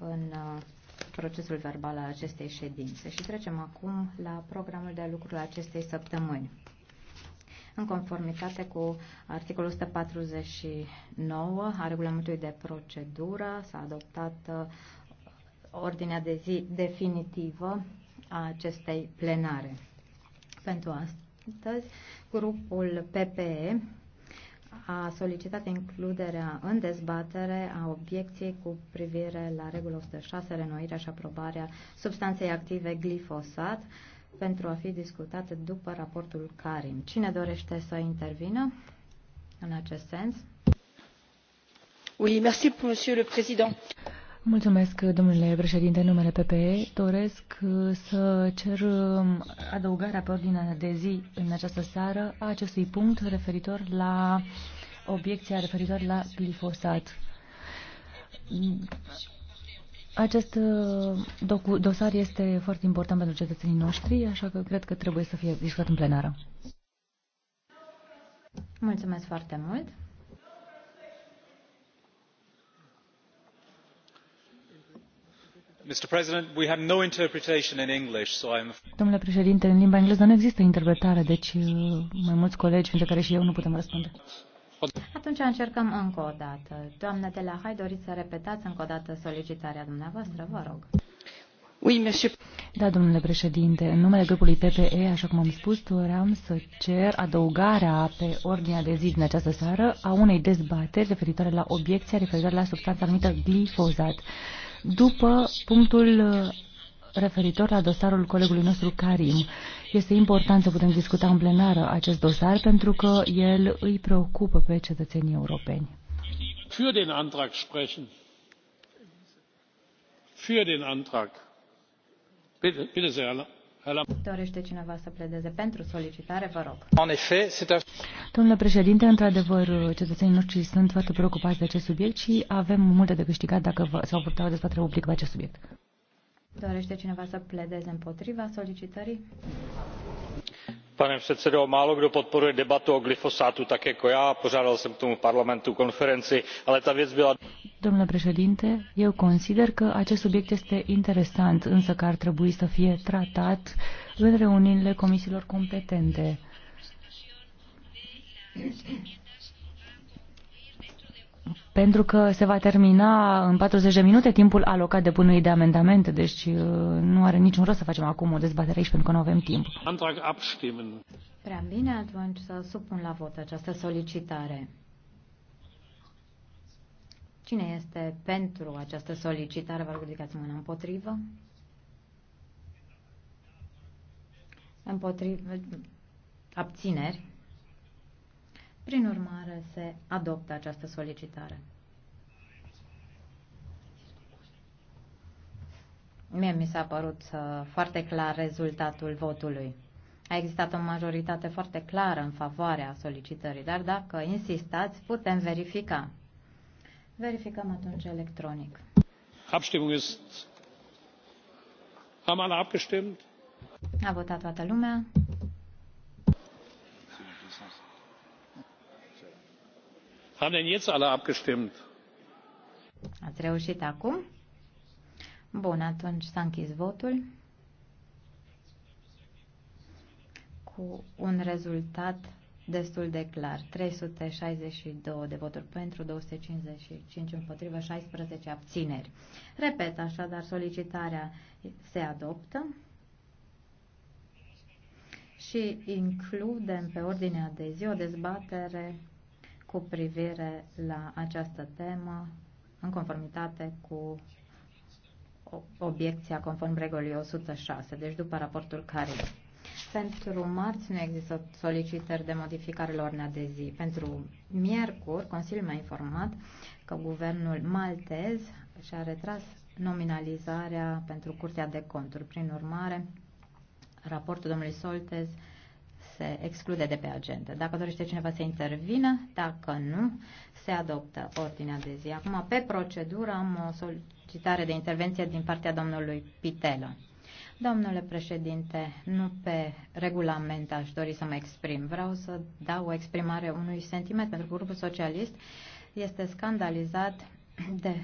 în uh, procesul verbal al acestei ședințe. Și trecem acum la programul de lucru al acestei săptămâni. În conformitate cu articolul 149 a regulamentului de procedură, s-a adoptat uh, ordinea de zi definitivă a acestei plenare. Pentru astăzi, grupul PPE a solicitat includerea în dezbatere a obiecției cu privire la regulă 106, renoirea și aprobarea substanței active glifosat pentru a fi discutată după raportul Karim. Cine dorește să intervină în acest sens? Oui, merci, monsieur le président. Mulțumesc, domnule președinte, numele PPE. Doresc uh, să cer um, adăugarea pe ordinea de zi în această seară a acestui punct referitor la obiecția referitor la glifosat. Acest uh, dosar este foarte important pentru cetățenii noștri, așa că cred că trebuie să fie discutat în plenară. Mulțumesc foarte mult. Domnule președinte, în limba engleză nu există interpretare, deci uh, mai mulți colegi, printre care și eu, nu putem răspunde. Atunci încercăm încă o dată. Doamna de la Hai, doriți să repetați încă o dată solicitarea dumneavoastră? Vă rog. Oui, Da, domnule președinte, în numele grupului PPE, așa cum am spus, doream să cer adăugarea pe ordinea de zi din această seară a unei dezbateri referitoare la obiecția referitoare la substanța anumită glifozat după punctul uh, referitor la dosarul colegului nostru Karim. Este important să putem discuta în plenară acest dosar pentru că el îi preocupă pe cetățenii europeni. Für den Antrag sprechen. Für den Antrag. Bitte, bitte sehr. Dorește cineva să pledeze pentru solicitare, vă rog. Domnule președinte, într-adevăr, cetățenii noștri sunt foarte preocupați de acest subiect și avem multe de câștigat dacă s-au vorbit de dezbatere public pe acest subiect. Dorește cineva să pledeze împotriva solicitării? Pane předsedo, málo kdo podporuje debatu o glyfosátu tak jako já. Pořádal jsem k tomu parlamentu konferenci, ale ta věc byla... Domnule președinte, eu consider că acest subiect este interesant, însă că ar trebui să fie tratat în reuniunile comisiilor competente. Pentru că se va termina în 40 de minute timpul alocat de de amendamente, deci uh, nu are niciun rost să facem acum o dezbatere aici pentru că nu avem timp. Prea bine, atunci să supun la vot această solicitare. Cine este pentru această solicitare? Vă rog, ridicați mâna împotrivă. Împotrivă. Abțineri. Prin urmare, se adoptă această solicitare. Mie mi s-a părut uh, foarte clar rezultatul votului. A existat o majoritate foarte clară în favoarea solicitării, dar dacă insistați, putem verifica. Verificăm atunci electronic. Abstimmung ist. Haben alle abgestimmt? A votat toată lumea. Haben denn jetzt alle abgestimmt? Ați reușit acum? Bun, atunci s-a închis votul cu un rezultat destul de clar. 362 de voturi pentru, 255 împotrivă, 16 abțineri. Repet, așadar, solicitarea se adoptă și includem pe ordinea de zi o dezbatere cu privire la această temă în conformitate cu obiecția conform regulii 106, deci după raportul care pentru marți nu există solicitări de modificare la ordinea de zi. Pentru miercuri, Consiliul m-a informat că guvernul maltez și-a retras nominalizarea pentru Curtea de Conturi. Prin urmare, raportul domnului Soltez se exclude de pe agenda. Dacă dorește cineva să intervină, dacă nu, se adoptă ordinea de zi. Acum, pe procedură, am o solicitare de intervenție din partea domnului Pitelă. Domnule președinte, nu pe regulament aș dori să mă exprim. Vreau să dau o exprimare unui sentiment pentru grupul socialist. Este scandalizat de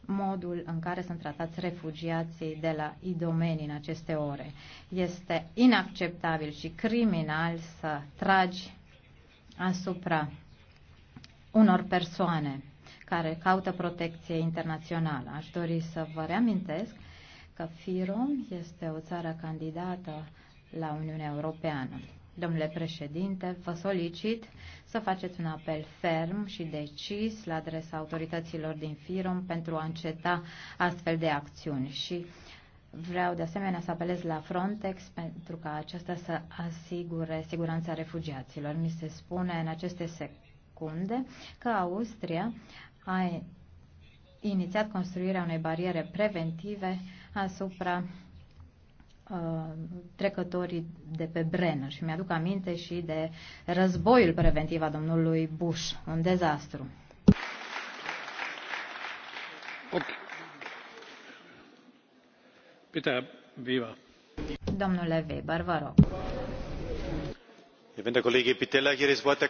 modul în care sunt tratați refugiații de la idomenii în aceste ore. Este inacceptabil și criminal să tragi asupra unor persoane care caută protecție internațională. Aș dori să vă reamintesc că Firom este o țară candidată la Uniunea Europeană. Domnule președinte, vă solicit să faceți un apel ferm și decis la adresa autorităților din Firom pentru a înceta astfel de acțiuni și vreau de asemenea să apelez la Frontex pentru ca aceasta să asigure siguranța refugiaților. Mi se spune în aceste secunde că Austria a inițiat construirea unei bariere preventive asupra uh, trecătorii de pe Brenner și mi-aduc aminte și de războiul preventiv a domnului Bush, un dezastru. Okay. Peter viva. Domnule Weber, vă rog. Wenn der Kollege Pitella hier das Wort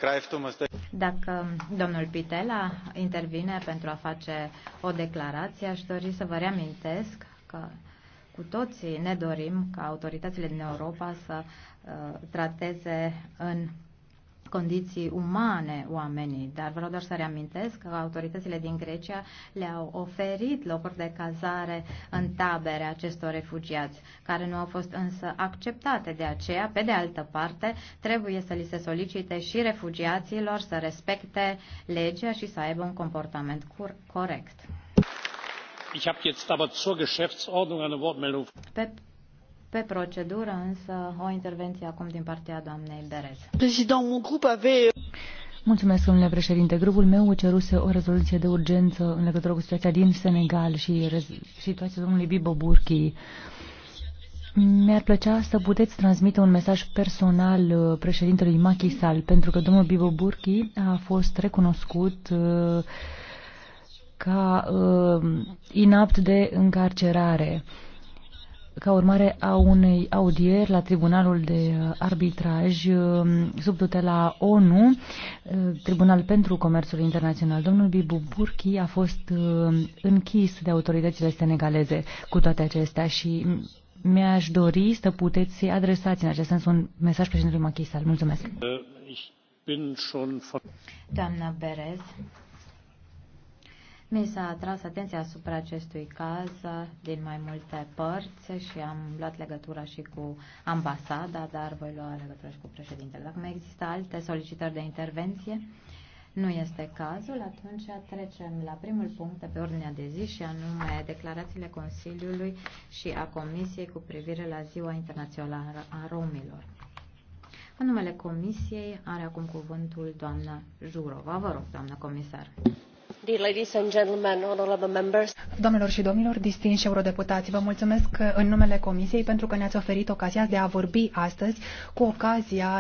dacă domnul Pitela intervine pentru a face o declarație, aș dori să vă reamintesc că cu toții ne dorim ca autoritățile din Europa să uh, trateze în condiții umane oamenii, dar vreau doar să reamintesc că autoritățile din Grecia le-au oferit locuri de cazare în tabere acestor refugiați, care nu au fost însă acceptate. De aceea, pe de altă parte, trebuie să li se solicite și refugiaților să respecte legea și să aibă un comportament corect. Ich habe jetzt aber zur Geschäftsordnung eine Wortmeldung. Pe pe procedură, însă, o intervenție acum din partea doamnei Berez. Prezident, mon grup Mulțumesc, domnule președinte. Grupul meu ceruse o rezoluție de urgență în legătură cu situația din Senegal și situația domnului Bibo Burki. Mi-ar plăcea să puteți transmite un mesaj personal uh, președintelui Macky Sall, pentru că domnul Bibo Burki a fost recunoscut uh, ca uh, inapt de încarcerare ca urmare a unei audieri la Tribunalul de Arbitraj um, sub tutela ONU, uh, Tribunal pentru Comerțul Internațional. Domnul Bibu Burki a fost uh, închis de autoritățile senegaleze cu toate acestea și mi-aș dori să puteți să adresați în acest sens un mesaj președintelui Machisal. Mulțumesc. Uh, Doamna Berez, mi s-a atras atenția asupra acestui caz din mai multe părți și am luat legătura și cu ambasada, dar voi lua legătura și cu președintele. Dacă mai există alte solicitări de intervenție, nu este cazul, atunci trecem la primul punct de pe ordinea de zi și anume declarațiile Consiliului și a Comisiei cu privire la Ziua Internațională a Romilor. În numele Comisiei are acum cuvântul doamna Jurova. Vă rog, doamna comisar. Doamnelor și domnilor, distinși eurodeputați, vă mulțumesc în numele Comisiei pentru că ne-ați oferit ocazia de a vorbi astăzi cu ocazia